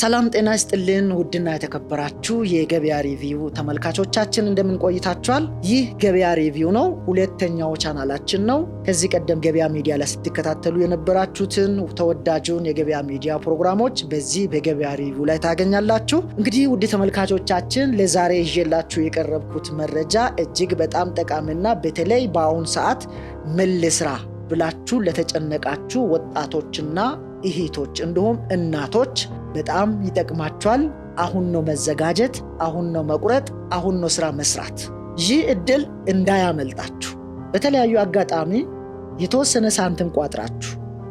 ሰላም ጤና ይስጥልን። ውድና የተከበራችሁ የገበያ ሪቪው ተመልካቾቻችን እንደምን ቆይታችኋል? ይህ ገበያ ሪቪው ነው፣ ሁለተኛው ቻናላችን ነው። ከዚህ ቀደም ገበያ ሚዲያ ላይ ስትከታተሉ የነበራችሁትን ተወዳጁን የገበያ ሚዲያ ፕሮግራሞች በዚህ በገበያ ሪቪው ላይ ታገኛላችሁ። እንግዲህ ውድ ተመልካቾቻችን ለዛሬ ይዤላችሁ የቀረብኩት መረጃ እጅግ በጣም ጠቃሚና በተለይ በአሁን ሰዓት ምን ልስራ ብላችሁ ለተጨነቃችሁ ወጣቶችና እህቶች እንዲሁም እናቶች በጣም ይጠቅማቸዋል። አሁን ነው መዘጋጀት፣ አሁን ነው መቁረጥ፣ አሁን ነው ስራ መስራት። ይህ እድል እንዳያመልጣችሁ። በተለያዩ አጋጣሚ የተወሰነ ሳንቲም ቋጥራችሁ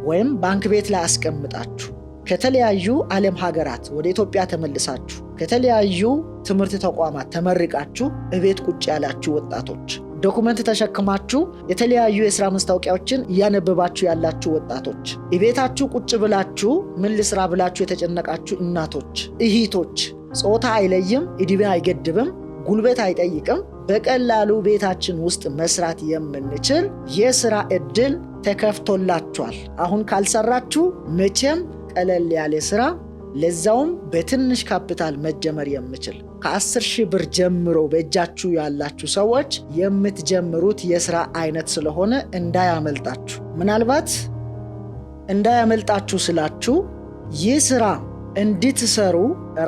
ወይም ባንክ ቤት ላይ አስቀምጣችሁ ከተለያዩ ዓለም ሀገራት ወደ ኢትዮጵያ ተመልሳችሁ ከተለያዩ ትምህርት ተቋማት ተመርቃችሁ እቤት ቁጭ ያላችሁ ወጣቶች ዶኩመንት ተሸክማችሁ የተለያዩ የስራ ማስታወቂያዎችን እያነበባችሁ ያላችሁ ወጣቶች፣ የቤታችሁ ቁጭ ብላችሁ ምን ልስራ ብላችሁ የተጨነቃችሁ እናቶች፣ እህቶች፣ ጾታ አይለይም፣ እድሜ አይገድብም፣ ጉልበት አይጠይቅም። በቀላሉ ቤታችን ውስጥ መስራት የምንችል የስራ እድል ተከፍቶላችኋል። አሁን ካልሰራችሁ መቼም ቀለል ያለ ስራ ለዛውም በትንሽ ካፒታል መጀመር የምችል ከአስር ሺህ ብር ጀምሮ በእጃችሁ ያላችሁ ሰዎች የምትጀምሩት የስራ አይነት ስለሆነ እንዳያመልጣችሁ። ምናልባት እንዳያመልጣችሁ ስላችሁ ይህ ስራ እንድትሰሩ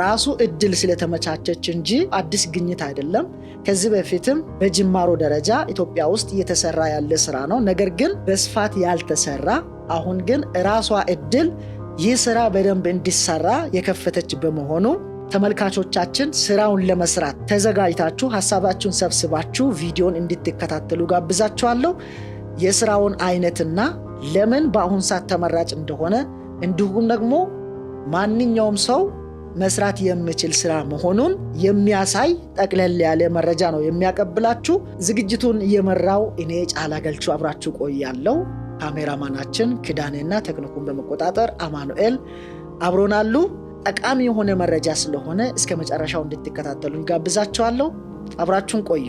ራሱ እድል ስለተመቻቸች እንጂ አዲስ ግኝት አይደለም። ከዚህ በፊትም በጅማሮ ደረጃ ኢትዮጵያ ውስጥ እየተሰራ ያለ ስራ ነው። ነገር ግን በስፋት ያልተሰራ አሁን ግን ራሷ እድል ይህ ስራ በደንብ እንዲሰራ የከፈተች በመሆኑ ተመልካቾቻችን ስራውን ለመስራት ተዘጋጅታችሁ ሀሳባችሁን ሰብስባችሁ ቪዲዮን እንድትከታተሉ ጋብዛችኋለሁ። የስራውን አይነትና ለምን በአሁን ሰዓት ተመራጭ እንደሆነ እንዲሁም ደግሞ ማንኛውም ሰው መስራት የሚችል ስራ መሆኑን የሚያሳይ ጠቅለል ያለ መረጃ ነው የሚያቀብላችሁ። ዝግጅቱን እየመራው እኔ ጫላ ገልቹ አብራችሁ ቆያለው ካሜራማናችን ክዳኔና ቴክኒኩን በመቆጣጠር አማኑኤል አብሮናሉ። ጠቃሚ የሆነ መረጃ ስለሆነ እስከ መጨረሻው እንድትከታተሉኝ ጋብዛችኋለሁ። አብራችሁን ቆዩ።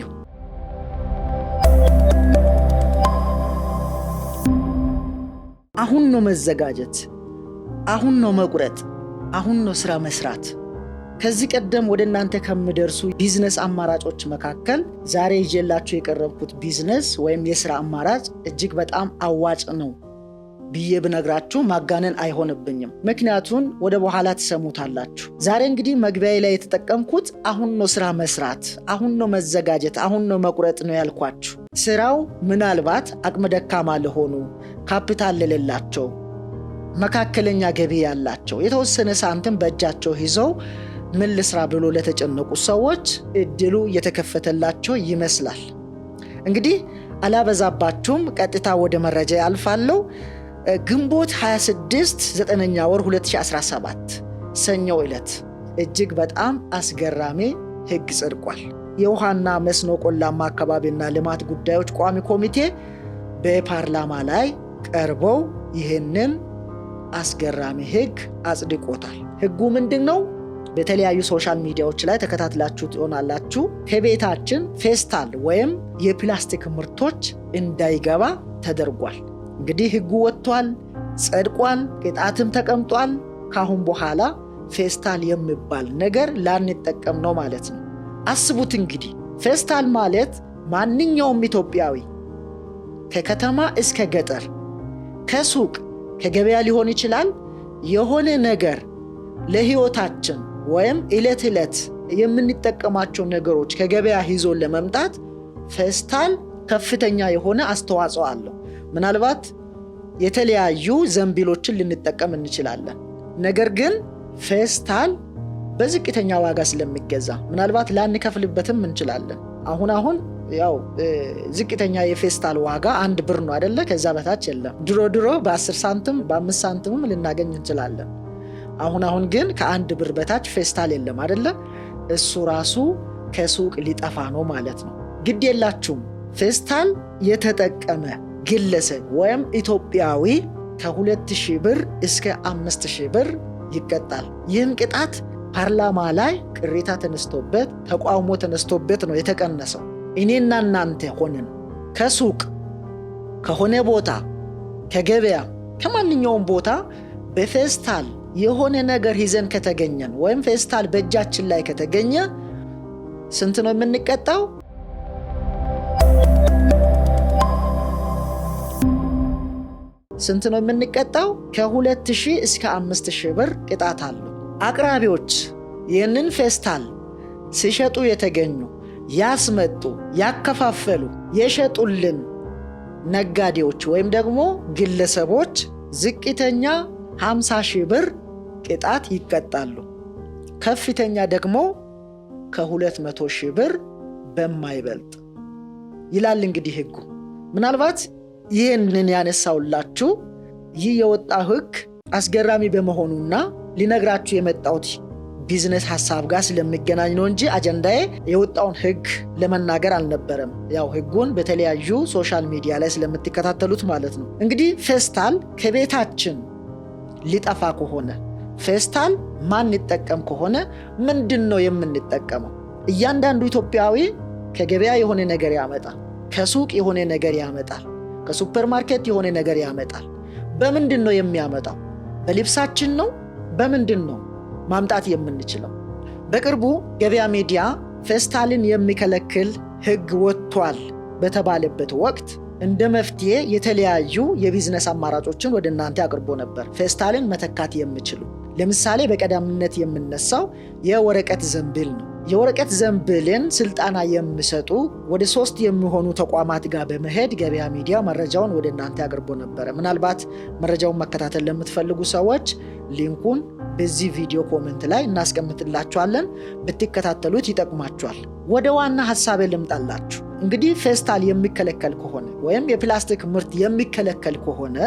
አሁን ነው መዘጋጀት፣ አሁን ነው መቁረጥ፣ አሁን ነው ስራ መስራት። ከዚህ ቀደም ወደ እናንተ ከምደርሱ ቢዝነስ አማራጮች መካከል ዛሬ ይዤላችሁ የቀረብኩት ቢዝነስ ወይም የስራ አማራጭ እጅግ በጣም አዋጭ ነው ብዬ ብነግራችሁ ማጋነን አይሆንብኝም። ምክንያቱን ወደ በኋላ ትሰሙታላችሁ። ዛሬ እንግዲህ መግቢያዬ ላይ የተጠቀምኩት አሁን ነው ስራ መስራት፣ አሁን ነው መዘጋጀት፣ አሁን ነው መቁረጥ ነው ያልኳችሁ። ስራው ምናልባት አቅመ ደካማ ለሆኑ ካፒታል ለሌላቸው፣ መካከለኛ ገቢ ያላቸው የተወሰነ ሳንቲም በእጃቸው ይዘው ምን ልስራ ብሎ ለተጨነቁ ሰዎች እድሉ እየተከፈተላቸው ይመስላል። እንግዲህ አላበዛባችሁም፣ ቀጥታ ወደ መረጃ ያልፋለሁ። ግንቦት 26 ዘጠነኛ ወር 2017 ሰኞ ዕለት እጅግ በጣም አስገራሚ ህግ ጸድቋል። የውሃና መስኖ ቆላማ አካባቢና ልማት ጉዳዮች ቋሚ ኮሚቴ በፓርላማ ላይ ቀርበው ይህንን አስገራሚ ህግ አጽድቆታል። ህጉ ምንድን ነው? በተለያዩ ሶሻል ሚዲያዎች ላይ ተከታትላችሁ ትሆናላችሁ። ከቤታችን ፌስታል ወይም የፕላስቲክ ምርቶች እንዳይገባ ተደርጓል። እንግዲህ ህጉ ወጥቷል፣ ጸድቋል፣ ቅጣትም ተቀምጧል። ካሁን በኋላ ፌስታል የሚባል ነገር ላንጠቀም ነው ማለት ነው። አስቡት እንግዲህ ፌስታል ማለት ማንኛውም ኢትዮጵያዊ ከከተማ እስከ ገጠር ከሱቅ ከገበያ ሊሆን ይችላል የሆነ ነገር ለህይወታችን ወይም ዕለት ዕለት የምንጠቀማቸው ነገሮች ከገበያ ይዞን ለመምጣት ፌስታል ከፍተኛ የሆነ አስተዋጽኦ አለው። ምናልባት የተለያዩ ዘንቢሎችን ልንጠቀም እንችላለን። ነገር ግን ፌስታል በዝቅተኛ ዋጋ ስለሚገዛ ምናልባት ላንከፍልበትም እንችላለን። አሁን አሁን ያው ዝቅተኛ የፌስታል ዋጋ አንድ ብር ነው አደለ? ከዛ በታች የለም። ድሮ ድሮ በ10 ሳንትም በአምስት ሳንትምም ልናገኝ እንችላለን። አሁን አሁን ግን ከአንድ ብር በታች ፌስታል የለም አደለ? እሱ ራሱ ከሱቅ ሊጠፋ ነው ማለት ነው። ግድ የላችሁም ፌስታል የተጠቀመ ግለሰብ ወይም ኢትዮጵያዊ ከ2000 ብር እስከ 5000 ብር ይቀጣል። ይህም ቅጣት ፓርላማ ላይ ቅሬታ ተነስቶበት ተቋውሞ ተነስቶበት ነው የተቀነሰው። እኔና እናንተ ሆንን ከሱቅ ከሆነ ቦታ ከገበያ ከማንኛውም ቦታ በፌስታል የሆነ ነገር ይዘን ከተገኘን ወይም ፌስታል በእጃችን ላይ ከተገኘ ስንት ነው የምንቀጣው? ስንት ነው የምንቀጣው? ከሁለት 2000 እስከ 5000 ሺህ ብር ቅጣት አለ። አቅራቢዎች ይህንን ፌስታል ሲሸጡ የተገኙ ያስመጡ፣ ያከፋፈሉ፣ የሸጡልን ነጋዴዎች ወይም ደግሞ ግለሰቦች ዝቅተኛ 50 ሺህ ብር ቅጣት ይቀጣሉ። ከፍተኛ ደግሞ ከ200 ሺህ ብር በማይበልጥ ይላል እንግዲህ ህጉ ምናልባት ይህንን ያነሳውላችሁ ይህ የወጣው ህግ አስገራሚ በመሆኑና ሊነግራችሁ የመጣውት ቢዝነስ ሀሳብ ጋር ስለሚገናኝ ነው እንጂ አጀንዳዬ የወጣውን ህግ ለመናገር አልነበረም። ያው ህጉን በተለያዩ ሶሻል ሚዲያ ላይ ስለምትከታተሉት ማለት ነው። እንግዲህ ፌስታል ከቤታችን ሊጠፋ ከሆነ ፌስታል ማንጠቀም ከሆነ ምንድን ነው የምንጠቀመው? እያንዳንዱ ኢትዮጵያዊ ከገበያ የሆነ ነገር ያመጣል፣ ከሱቅ የሆነ ነገር ያመጣል። ከሱፐርማርኬት የሆነ ነገር ያመጣል። በምንድን ነው የሚያመጣው? በልብሳችን ነው? በምንድን ነው ማምጣት የምንችለው? በቅርቡ ገበያ ሚዲያ ፌስታልን የሚከለክል ህግ ወጥቷል በተባለበት ወቅት እንደ መፍትሄ የተለያዩ የቢዝነስ አማራጮችን ወደ እናንተ አቅርቦ ነበር። ፌስታልን መተካት የምችሉ ለምሳሌ በቀዳምነት የምነሳው የወረቀት ዘንብል ነው። የወረቀት ዘንብልን ስልጠና የሚሰጡ ወደ ሶስት የሚሆኑ ተቋማት ጋር በመሄድ ገበያ ሚዲያ መረጃውን ወደ እናንተ ያቅርቦ ነበረ። ምናልባት መረጃውን መከታተል ለምትፈልጉ ሰዎች ሊንኩን በዚህ ቪዲዮ ኮሜንት ላይ እናስቀምጥላችኋለን። ብትከታተሉት ይጠቅማችኋል። ወደ ዋና ሀሳቤ ልምጣላችሁ። እንግዲህ ፌስታል የሚከለከል ከሆነ ወይም የፕላስቲክ ምርት የሚከለከል ከሆነ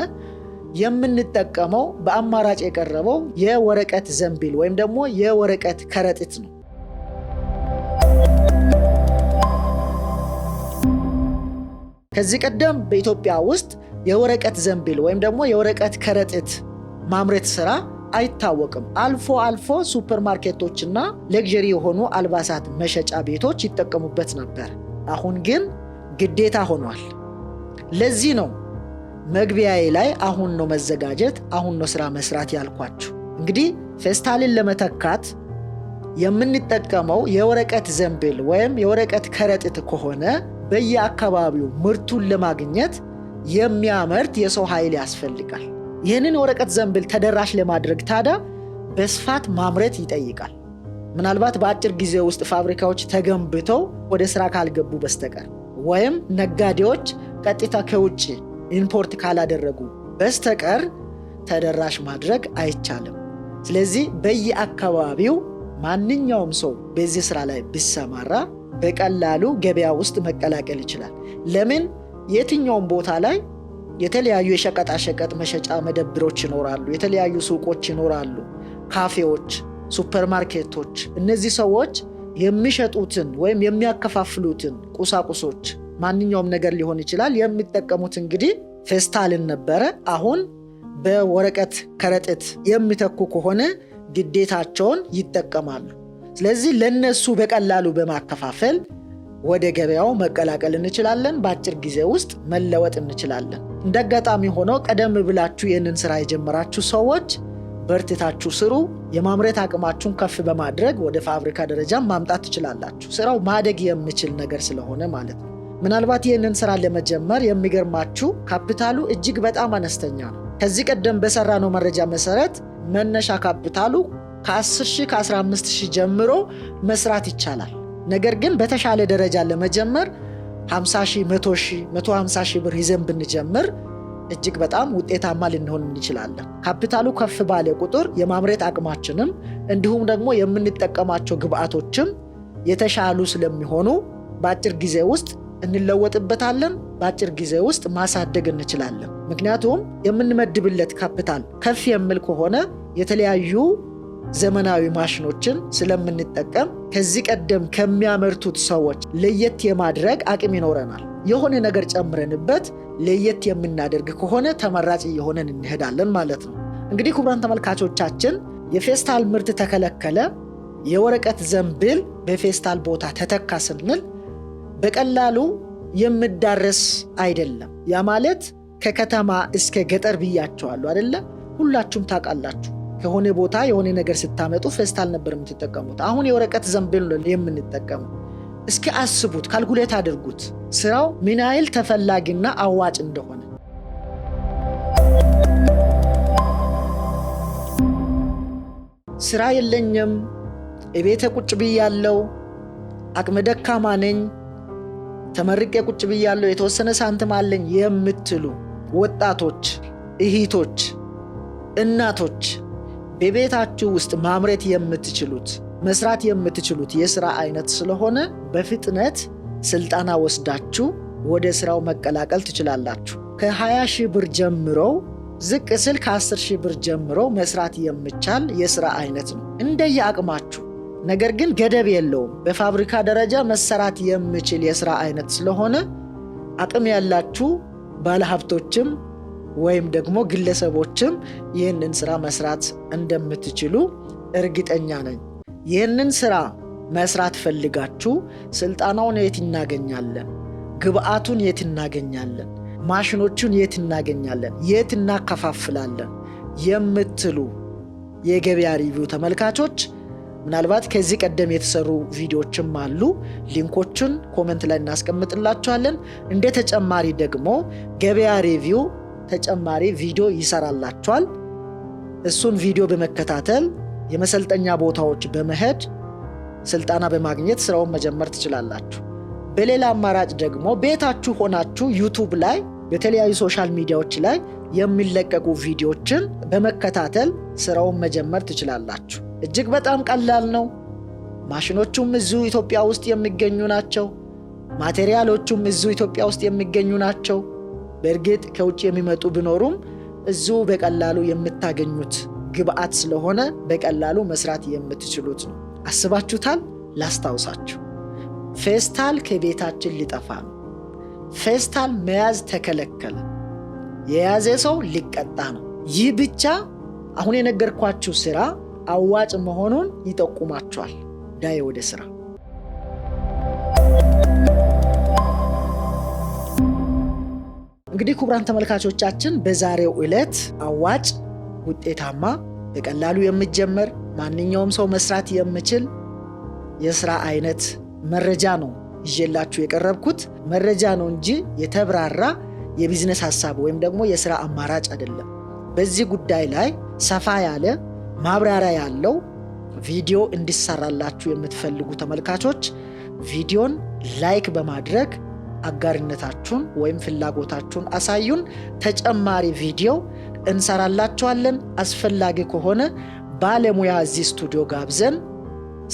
የምንጠቀመው በአማራጭ የቀረበው የወረቀት ዘንቢል ወይም ደግሞ የወረቀት ከረጢት ነው። ከዚህ ቀደም በኢትዮጵያ ውስጥ የወረቀት ዘንቢል ወይም ደግሞ የወረቀት ከረጢት ማምረት ስራ አይታወቅም። አልፎ አልፎ ሱፐርማርኬቶችና ሌግዥሪ የሆኑ አልባሳት መሸጫ ቤቶች ይጠቀሙበት ነበር። አሁን ግን ግዴታ ሆኗል። ለዚህ ነው መግቢያዬ ላይ አሁን ነው መዘጋጀት፣ አሁን ነው ስራ መስራት ያልኳችሁ። እንግዲህ ፌስታልን ለመተካት የምንጠቀመው የወረቀት ዘንብል ወይም የወረቀት ከረጢት ከሆነ በየአካባቢው ምርቱን ለማግኘት የሚያመርት የሰው ኃይል ያስፈልጋል። ይህንን ወረቀት ዘንብል ተደራሽ ለማድረግ ታዲያ በስፋት ማምረት ይጠይቃል። ምናልባት በአጭር ጊዜ ውስጥ ፋብሪካዎች ተገንብተው ወደ ስራ ካልገቡ በስተቀር ወይም ነጋዴዎች ቀጥታ ከውጭ ኢምፖርት ካላደረጉ በስተቀር ተደራሽ ማድረግ አይቻልም። ስለዚህ በየአካባቢው ማንኛውም ሰው በዚህ ስራ ላይ ቢሰማራ በቀላሉ ገበያ ውስጥ መቀላቀል ይችላል። ለምን? የትኛውም ቦታ ላይ የተለያዩ የሸቀጣሸቀጥ መሸጫ መደብሮች ይኖራሉ፣ የተለያዩ ሱቆች ይኖራሉ፣ ካፌዎች፣ ሱፐርማርኬቶች። እነዚህ ሰዎች የሚሸጡትን ወይም የሚያከፋፍሉትን ቁሳቁሶች ማንኛውም ነገር ሊሆን ይችላል። የሚጠቀሙት እንግዲህ ፌስታልን ነበረ። አሁን በወረቀት ከረጢት የሚተኩ ከሆነ ግዴታቸውን ይጠቀማሉ። ስለዚህ ለነሱ በቀላሉ በማከፋፈል ወደ ገበያው መቀላቀል እንችላለን። በአጭር ጊዜ ውስጥ መለወጥ እንችላለን። እንደ አጋጣሚ ሆኖ ቀደም ብላችሁ ይህንን ስራ የጀመራችሁ ሰዎች በእርትታችሁ ስሩ። የማምረት አቅማችሁን ከፍ በማድረግ ወደ ፋብሪካ ደረጃ ማምጣት ትችላላችሁ። ስራው ማደግ የሚችል ነገር ስለሆነ ማለት ነው። ምናልባት ይህንን ስራ ለመጀመር የሚገርማችሁ ካፒታሉ እጅግ በጣም አነስተኛ ነው። ከዚህ ቀደም በሰራነው መረጃ መሰረት መነሻ ካፒታሉ ከ10 ከ15 ጀምሮ መስራት ይቻላል። ነገር ግን በተሻለ ደረጃ ለመጀመር 50 100 150 ብር ይዘን ብንጀምር እጅግ በጣም ውጤታማ ልንሆን እንችላለን። ካፒታሉ ከፍ ባለ ቁጥር የማምረት አቅማችንም እንዲሁም ደግሞ የምንጠቀማቸው ግብአቶችም የተሻሉ ስለሚሆኑ በአጭር ጊዜ ውስጥ እንለወጥበታለን። በአጭር ጊዜ ውስጥ ማሳደግ እንችላለን። ምክንያቱም የምንመድብለት ካፒታል ከፍ የሚል ከሆነ የተለያዩ ዘመናዊ ማሽኖችን ስለምንጠቀም ከዚህ ቀደም ከሚያመርቱት ሰዎች ለየት የማድረግ አቅም ይኖረናል። የሆነ ነገር ጨምረንበት ለየት የምናደርግ ከሆነ ተመራጭ እየሆነን እንሄዳለን ማለት ነው። እንግዲህ ክቡራን ተመልካቾቻችን የፌስታል ምርት ተከለከለ፣ የወረቀት ዘንብል በፌስታል ቦታ ተተካ ስንል በቀላሉ የምዳረስ አይደለም። ያ ማለት ከከተማ እስከ ገጠር ብያቸዋሉ አይደለ? ሁላችሁም ታውቃላችሁ። ከሆነ ቦታ የሆነ ነገር ስታመጡ ፌስታል ነበር የምትጠቀሙት። አሁን የወረቀት ዘንቢል የምንጠቀሙ እስኪ አስቡት፣ ካልኩሌት አድርጉት ስራው ምን ያህል ተፈላጊና አዋጭ እንደሆነ። ስራ የለኝም፣ የቤተ ቁጭ ብያለው፣ አቅመ ደካማ ነኝ፣ ተመርቄ ቁጭ ብያለው፣ የተወሰነ ሳንትም አለኝ የምትሉ ወጣቶች፣ እህቶች፣ እናቶች በቤታችሁ ውስጥ ማምረት የምትችሉት መስራት የምትችሉት የስራ አይነት ስለሆነ በፍጥነት ስልጠና ወስዳችሁ ወደ ስራው መቀላቀል ትችላላችሁ። ከ20 ሺህ ብር ጀምሮ ዝቅ ስል ከ10 ሺህ ብር ጀምሮ መስራት የምቻል የስራ አይነት ነው፣ አቅማችሁ ነገር ግን ገደብ የለውም። በፋብሪካ ደረጃ መሰራት የምችል የስራ አይነት ስለሆነ አቅም ያላችሁ ባለሀብቶችም ወይም ደግሞ ግለሰቦችም ይህንን ስራ መስራት እንደምትችሉ እርግጠኛ ነኝ። ይህንን ስራ መስራት ፈልጋችሁ ስልጠናውን የት እናገኛለን? ግብአቱን የት እናገኛለን? ማሽኖቹን የት እናገኛለን? የት እናከፋፍላለን? የምትሉ የገበያ ሪቪው ተመልካቾች ምናልባት ከዚህ ቀደም የተሰሩ ቪዲዮዎችም አሉ። ሊንኮቹን ኮመንት ላይ እናስቀምጥላችኋለን። እንደ ተጨማሪ ደግሞ ገበያ ሪቪው ተጨማሪ ቪዲዮ ይሰራላቸዋል። እሱን ቪዲዮ በመከታተል የመሰልጠኛ ቦታዎች በመሄድ ስልጠና በማግኘት ስራውን መጀመር ትችላላችሁ። በሌላ አማራጭ ደግሞ ቤታችሁ ሆናችሁ ዩቱብ ላይ በተለያዩ ሶሻል ሚዲያዎች ላይ የሚለቀቁ ቪዲዮዎችን በመከታተል ስራውን መጀመር ትችላላችሁ። እጅግ በጣም ቀላል ነው። ማሽኖቹም እዚሁ ኢትዮጵያ ውስጥ የሚገኙ ናቸው። ማቴሪያሎቹም እዚሁ ኢትዮጵያ ውስጥ የሚገኙ ናቸው። በእርግጥ ከውጭ የሚመጡ ቢኖሩም እዙ በቀላሉ የምታገኙት ግብአት ስለሆነ በቀላሉ መስራት የምትችሉት ነው። አስባችሁታል? ላስታውሳችሁ፣ ፌስታል ከቤታችን ሊጠፋ ነው። ፌስታል መያዝ ተከለከለ። የያዘ ሰው ሊቀጣ ነው። ይህ ብቻ አሁን የነገርኳችሁ ስራ አዋጭ መሆኑን ይጠቁማችኋል። ዳይ ወደ ስራ እንግዲህ ክቡራን ተመልካቾቻችን በዛሬው ዕለት አዋጭ፣ ውጤታማ፣ በቀላሉ የሚጀመር ማንኛውም ሰው መስራት የሚችል የስራ አይነት መረጃ ነው ይዤላችሁ የቀረብኩት። መረጃ ነው እንጂ የተብራራ የቢዝነስ ሀሳብ ወይም ደግሞ የስራ አማራጭ አይደለም። በዚህ ጉዳይ ላይ ሰፋ ያለ ማብራሪያ ያለው ቪዲዮ እንዲሰራላችሁ የምትፈልጉ ተመልካቾች ቪዲዮን ላይክ በማድረግ አጋርነታችሁን ወይም ፍላጎታችሁን አሳዩን። ተጨማሪ ቪዲዮ እንሰራላችኋለን። አስፈላጊ ከሆነ ባለሙያ እዚህ ስቱዲዮ ጋብዘን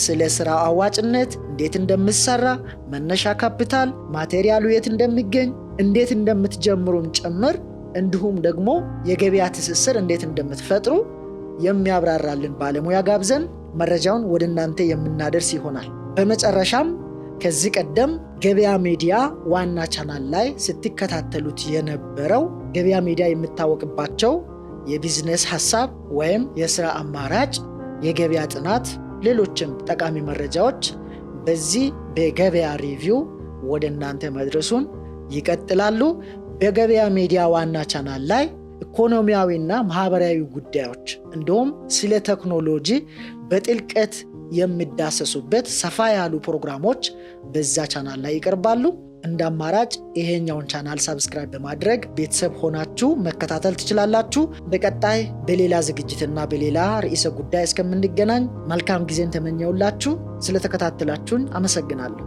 ስለ ስራ አዋጭነት፣ እንዴት እንደምሰራ፣ መነሻ ካፒታል፣ ማቴሪያሉ የት እንደሚገኝ፣ እንዴት እንደምትጀምሩም ጭምር እንዲሁም ደግሞ የገበያ ትስስር እንዴት እንደምትፈጥሩ የሚያብራራልን ባለሙያ ጋብዘን መረጃውን ወደ እናንተ የምናደርስ ይሆናል። በመጨረሻም ከዚህ ቀደም ገበያ ሚዲያ ዋና ቻናል ላይ ስትከታተሉት የነበረው ገበያ ሚዲያ የምታወቅባቸው የቢዝነስ ሀሳብ ወይም የስራ አማራጭ፣ የገበያ ጥናት፣ ሌሎችም ጠቃሚ መረጃዎች በዚህ በገበያ ሪቪው ወደ እናንተ መድረሱን ይቀጥላሉ። በገበያ ሚዲያ ዋና ቻናል ላይ ኢኮኖሚያዊና ማህበራዊ ጉዳዮች እንዲሁም ስለ ቴክኖሎጂ በጥልቀት የሚዳሰሱበት ሰፋ ያሉ ፕሮግራሞች በዛ ቻናል ላይ ይቀርባሉ። እንደ አማራጭ ይሄኛውን ቻናል ሳብስክራይብ በማድረግ ቤተሰብ ሆናችሁ መከታተል ትችላላችሁ። በቀጣይ በሌላ ዝግጅትና በሌላ ርዕሰ ጉዳይ እስከምንገናኝ መልካም ጊዜን ተመኘውላችሁ። ስለተከታተላችሁን አመሰግናለሁ።